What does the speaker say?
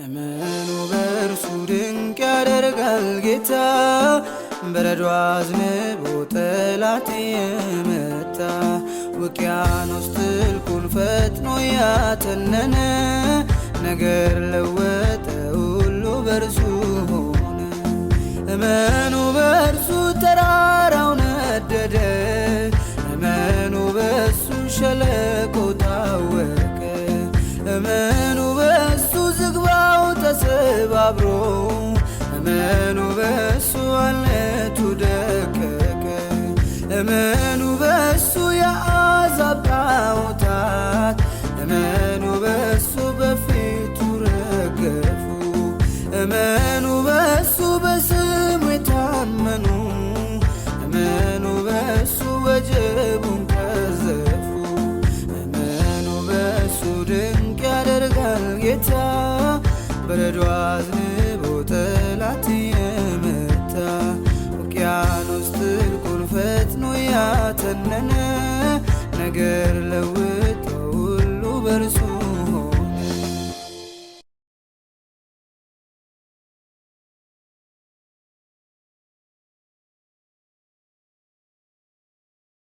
እመኑ በእርሱ ድንቅ ያደርጋል ጌታ በረዶ አዝንቦ ጠላት የመታ ውቅያኖስ ጥልቁን ፈጥኖ ያተነነ ነገር ለወጠ ሁሉ በእርሱ ሆነ። እመኑ በእርሱ ተራራው ነደደ። እመኑ በእሱ ሸለ ሕዝብ አብሮ እመኑ በሱ አለቱ ደቀቀ። እመኑ በሱ የአሕዛብ ጣዖታት እመኑ በሱ በፊቱ ረገፉ። እመኑ በሱ በስ በረዶ አዝንቦ ጠላት የመታ ውቅያኖስ ጥልቁን ፈጥኖ ያተነነ ነገር ለው